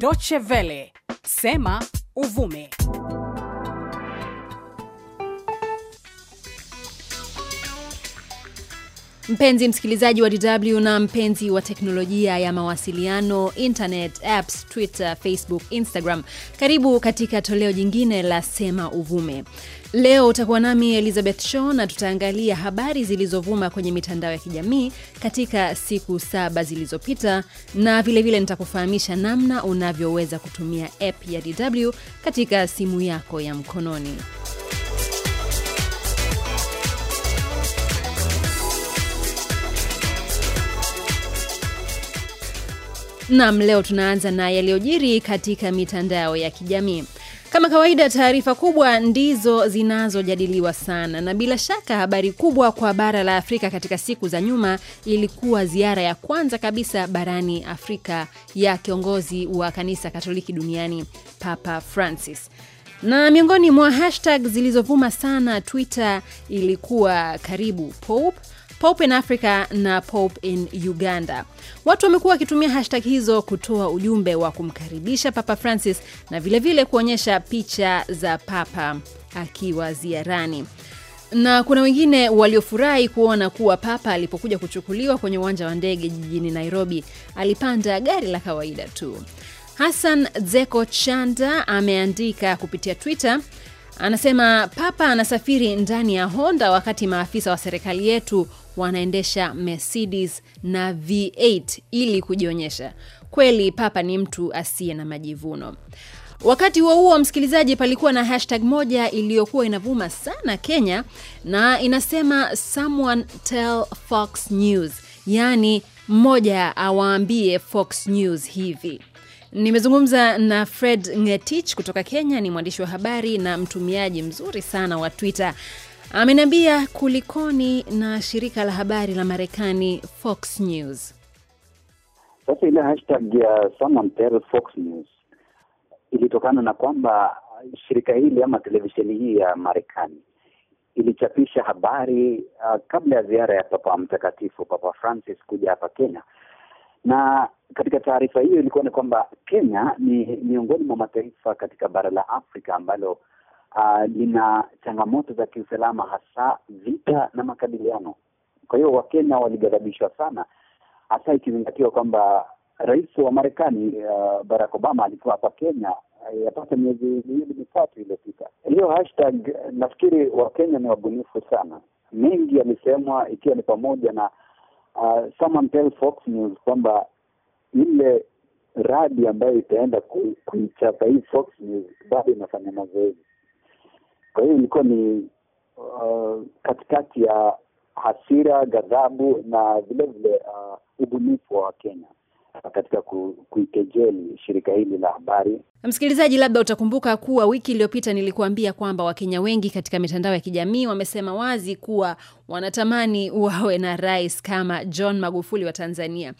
Dochevele, sema uvume. Mpenzi msikilizaji wa DW na mpenzi wa teknolojia ya mawasiliano, internet, apps, Twitter, Facebook, Instagram, karibu katika toleo jingine la Sema Uvume. Leo utakuwa nami Elizabeth Shaw na tutaangalia habari zilizovuma kwenye mitandao ya kijamii katika siku saba zilizopita, na vilevile nitakufahamisha namna unavyoweza kutumia app ya DW katika simu yako ya mkononi. Nam, leo tunaanza na yaliyojiri katika mitandao ya kijamii. Kama kawaida, taarifa kubwa ndizo zinazojadiliwa sana, na bila shaka habari kubwa kwa bara la Afrika katika siku za nyuma ilikuwa ziara ya kwanza kabisa barani Afrika ya kiongozi wa kanisa Katoliki duniani Papa Francis na miongoni mwa hashtag zilizovuma sana Twitter ilikuwa karibu Pope Pop in Africa na Pop in Uganda. Watu wamekuwa wakitumia hashtag hizo kutoa ujumbe wa kumkaribisha Papa Francis na vilevile vile kuonyesha picha za Papa akiwa ziarani na kuna wengine waliofurahi kuona kuwa papa alipokuja kuchukuliwa kwenye uwanja wa ndege jijini Nairobi alipanda gari la kawaida tu. Hassan zeko Chanda ameandika kupitia Twitter, anasema papa anasafiri ndani ya Honda wakati maafisa wa serikali yetu wanaendesha Mercedes na V8 ili kujionyesha. Kweli Papa ni mtu asiye na majivuno. Wakati huo huo, msikilizaji, palikuwa na hashtag moja iliyokuwa inavuma sana Kenya na inasema someone tell Fox News, yaani mmoja awaambie Fox News hivi. Nimezungumza na Fred Ngetich kutoka Kenya, ni mwandishi wa habari na mtumiaji mzuri sana wa Twitter amenambia kulikoni na shirika la habari la Marekani Fox News. Sasa ile hashtag ya someone tell Fox News ilitokana na kwamba shirika hili ama televisheni hii ya Marekani ilichapisha habari uh, kabla ya ziara ya Papa Mtakatifu Papa Francis kuja hapa Kenya, na katika taarifa hiyo ilikuwa ni kwamba Kenya ni miongoni mwa mataifa katika bara la Afrika ambalo uh, lina changamoto za kiusalama, hasa vita na makabiliano. Kwa hiyo Wakenya waligadhabishwa sana, hasa ikizingatiwa kwamba rais wa Marekani uh, Barack Obama alikuwa hapa Kenya yapata miezi miwili mitatu iliyopita. Hiyo hashtag nafikiri Wakenya ni wabunifu sana, mengi yalisemwa, ikiwa ni pamoja na uh, ah, someone tell Fox News kwamba ile radi ambayo itaenda kuichapa hii Fox News bado inafanya mazoezi. Kwa hiyo ilikuwa ni uh, katikati ya hasira, ghadhabu na vilevile uh, ubunifu wa Wakenya katika kuikejeli shirika hili la habari. Msikilizaji, labda utakumbuka kuwa wiki iliyopita nilikuambia kwamba Wakenya wengi katika mitandao ya kijamii wamesema wazi kuwa wanatamani wawe na rais kama John Magufuli wa Tanzania.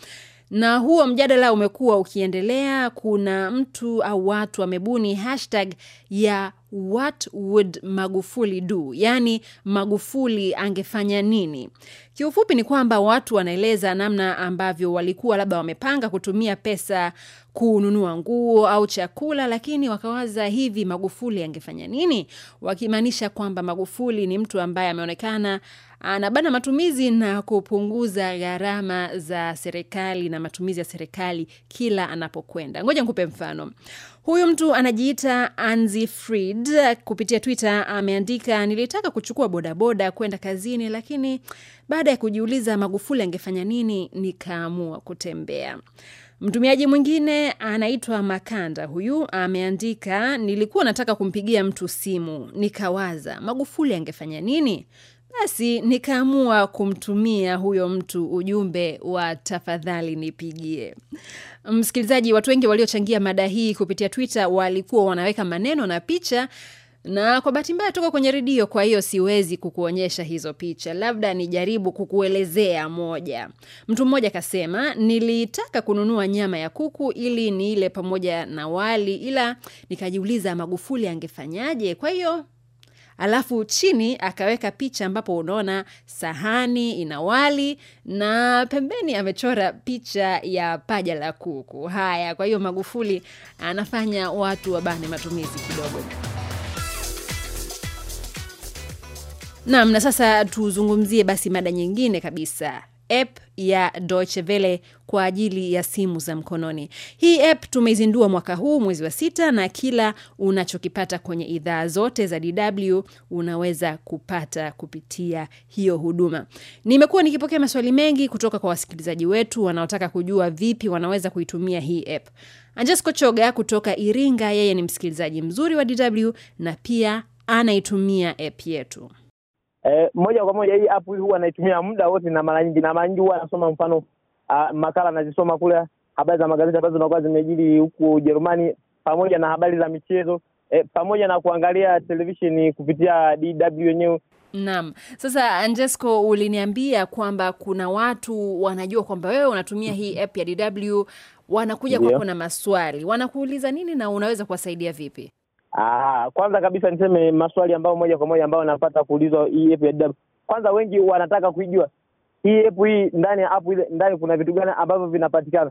Na huo mjadala umekuwa ukiendelea. Kuna mtu au watu wamebuni hashtag ya what would Magufuli do, yaani Magufuli angefanya nini? Kiufupi ni kwamba watu wanaeleza namna ambavyo walikuwa labda wamepanga kutumia pesa kununua nguo au chakula, lakini wakawaza hivi, Magufuli angefanya nini, wakimaanisha kwamba Magufuli ni mtu ambaye ameonekana anabana ah, matumizi na kupunguza gharama za serikali na matumizi ya serikali kila anapokwenda. Ngoja nikupe mfano. Huyu mtu anajiita Anzi Fried kupitia Twitter ameandika, nilitaka kuchukua bodaboda kwenda kazini, lakini baada ya kujiuliza Magufuli angefanya nini, nikaamua kutembea. Mtumiaji mwingine anaitwa Makanda, huyu ameandika, nilikuwa nataka kumpigia mtu simu, nikawaza Magufuli angefanya nini? Basi nikaamua kumtumia huyo mtu ujumbe wa tafadhali nipigie. Msikilizaji, watu wengi waliochangia mada hii kupitia Twitter walikuwa wanaweka maneno na picha na kwa bahati mbaya tuko kwenye redio, kwa hiyo siwezi kukuonyesha hizo picha, labda nijaribu kukuelezea moja. Mtu mmoja akasema nilitaka kununua nyama ya kuku ili niile pamoja na wali, ila nikajiuliza Magufuli angefanyaje? Kwa hiyo alafu chini akaweka picha ambapo unaona sahani ina wali na pembeni amechora picha ya paja la kuku. Haya, kwa hiyo Magufuli anafanya watu wabane matumizi kidogo. nam na sasa tuzungumzie basi mada nyingine kabisa app ya Deutsche Welle kwa ajili ya simu za mkononi. Hii app tumeizindua mwaka huu mwezi wa sita, na kila unachokipata kwenye idhaa zote za DW unaweza kupata kupitia hiyo huduma. Nimekuwa nikipokea maswali mengi kutoka kwa wasikilizaji wetu wanaotaka kujua vipi wanaweza kuitumia hii app. Anjes Kochoga kutoka Iringa, yeye ni msikilizaji mzuri wa DW na pia anaitumia app yetu eh, moja kwa moja hii app huwa naitumia muda wote, na mara nyingi na mara nyingi huwa nasoma mfano uh, makala nazisoma kule, habari za magazeti ambazo zinakuwa zimejiri huku Ujerumani, pamoja na habari za michezo eh, pamoja na kuangalia televisheni kupitia DW wenyewe. Naam. Sasa angesco uliniambia kwamba kuna watu wanajua kwamba wewe unatumia hii app ya DW, wanakuja yeah, kwako na maswali, wanakuuliza nini na unaweza kuwasaidia vipi? Aa, ah, kwanza kabisa niseme maswali ambayo moja kwa moja ambayo napata kuulizwa hii app ya DW. E. Kwanza wengi wanataka kuijua hii app hii ndani ya app ile ndani kuna vitu gani ambavyo vinapatikana.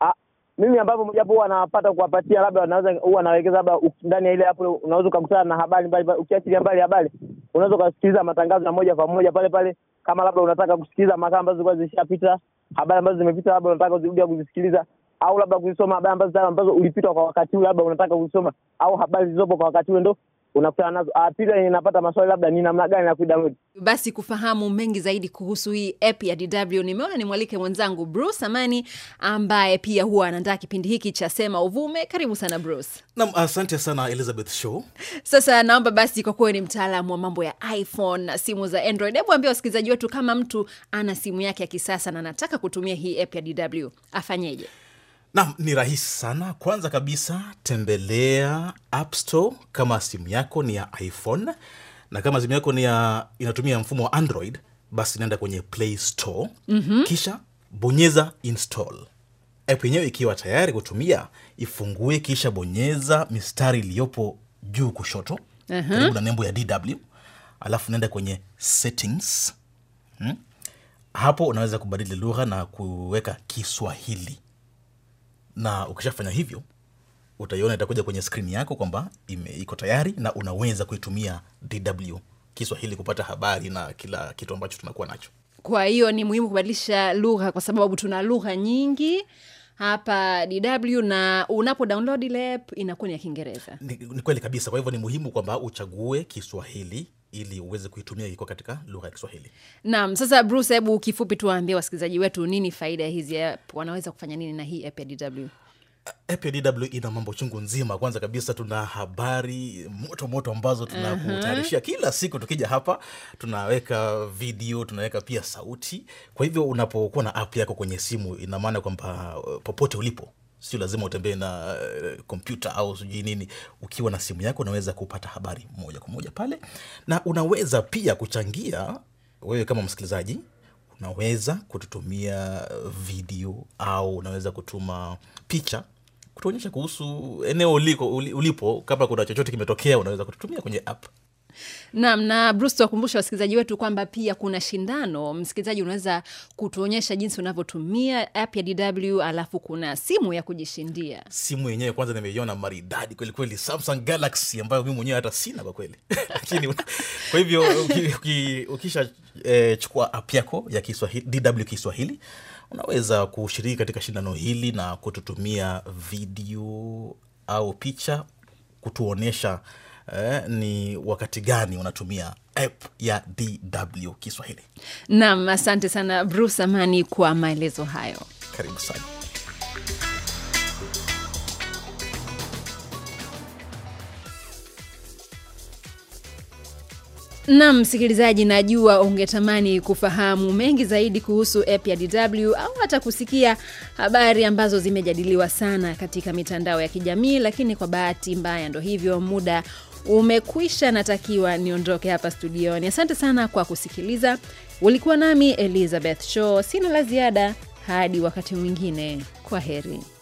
Ah, mimi ambapo moja huwa wanapata kuwapatia labda wanaweza huwa nawekeza labda ndani ya ile app unaweza ukakutana na habari mbali mbali, ukiachilia mbali habari unaweza kusikiliza matangazo ya moja kwa moja pale pale, kama labda unataka kusikiliza makala ambazo zilikuwa zishapita, habari ambazo zimepita, labda unataka uzirudia kuzisikiliza au labda kuzisoma habari ambazo ambazo ulipitwa kwa wakati huu, labda unataka kuzisoma au habari zilizopo kwa wakati huo ndo unakutana nazo. Ah, pili, napata maswali labda ni namna gani ya kuidownload. Basi kufahamu mengi zaidi kuhusu hii app ya DW, nimeona nimwalike mwenzangu Bruce Amani ambaye pia huwa anaandaa kipindi hiki cha Sema Uvume. Karibu sana Bruce. Naam, asante sana Elizabeth Show. Sasa naomba basi, kwa kuwa ni mtaalamu wa mambo ya iPhone na simu za Android, hebu ambia wasikilizaji wetu, kama mtu ana simu yake ya kisasa na anataka kutumia hii app ya DW afanyeje? nam ni rahisi sana. Kwanza kabisa tembelea App Store kama simu yako ni ya iPhone na kama simu yako ni ya inatumia mfumo wa Android, basi naenda kwenye Play Store mm -hmm. Kisha bonyeza install. App yenyewe ikiwa tayari kutumia, ifungue kisha bonyeza mistari iliyopo juu kushoto uh -huh. karibu na nembo ya DW, alafu naenda kwenye settings hmm. Hapo unaweza kubadili lugha na kuweka Kiswahili na ukishafanya hivyo utaiona itakuja kwenye skrini yako kwamba iko tayari na unaweza kuitumia DW Kiswahili kupata habari na kila kitu ambacho tunakuwa nacho. Kwa hiyo ni muhimu kubadilisha lugha kwa sababu tuna lugha nyingi hapa DW na unapo download inakuwa ni ya Kiingereza. Ni, ni kweli kabisa. Kwa hivyo ni muhimu kwamba uchague Kiswahili ili uweze kuitumia iko katika lugha ya Kiswahili. Naam, sasa Bruce, hebu kifupi tuwaambie wasikilizaji wetu nini faida ya hizi app, wanaweza kufanya nini na hii app ya DW? App DW ina mambo chungu nzima. Kwanza kabisa tuna habari moto moto ambazo tunakutayarishia uh mhm. -huh. Kila siku tukija hapa tunaweka video, tunaweka pia sauti. Kwa hivyo unapokuwa na app yako kwenye simu, inamaana kwamba uh, popote ulipo sio lazima utembee na kompyuta eh, uh, au sijui nini. Ukiwa na simu yako unaweza kupata habari moja kwa moja pale, na unaweza pia kuchangia. Wewe kama msikilizaji unaweza kututumia video au unaweza kutuma picha kutuonyesha kuhusu eneo uliko, ulipo. Kama kuna chochote kimetokea, unaweza kututumia kwenye app. Naam, na Bruce, tuwakumbusha wasikilizaji wetu kwamba pia kuna shindano. Msikilizaji, unaweza kutuonyesha jinsi unavyotumia app ya DW, alafu kuna simu ya kujishindia. Simu yenyewe kwanza nimeiona maridadi kweli kweli, Samsung Galaxy ambayo mimi mwenyewe hata sina kwa kweli, lakini kwa hivyo ukisha eh, chukua app yako ya Kiswahili, DW Kiswahili unaweza kushiriki katika shindano hili na kututumia video au picha kutuonyesha eh, ni wakati gani unatumia app ya DW Kiswahili. nam asante sana Bruce Amani kwa maelezo hayo. Karibu sana. Nam msikilizaji, najua ungetamani kufahamu mengi zaidi kuhusu app ya DW au hata kusikia habari ambazo zimejadiliwa sana katika mitandao ya kijamii, lakini kwa bahati mbaya ndo hivyo, muda umekwisha, natakiwa niondoke hapa studioni. Asante sana kwa kusikiliza. Ulikuwa nami Elizabeth Shaw, sina la ziada hadi wakati mwingine, kwa heri.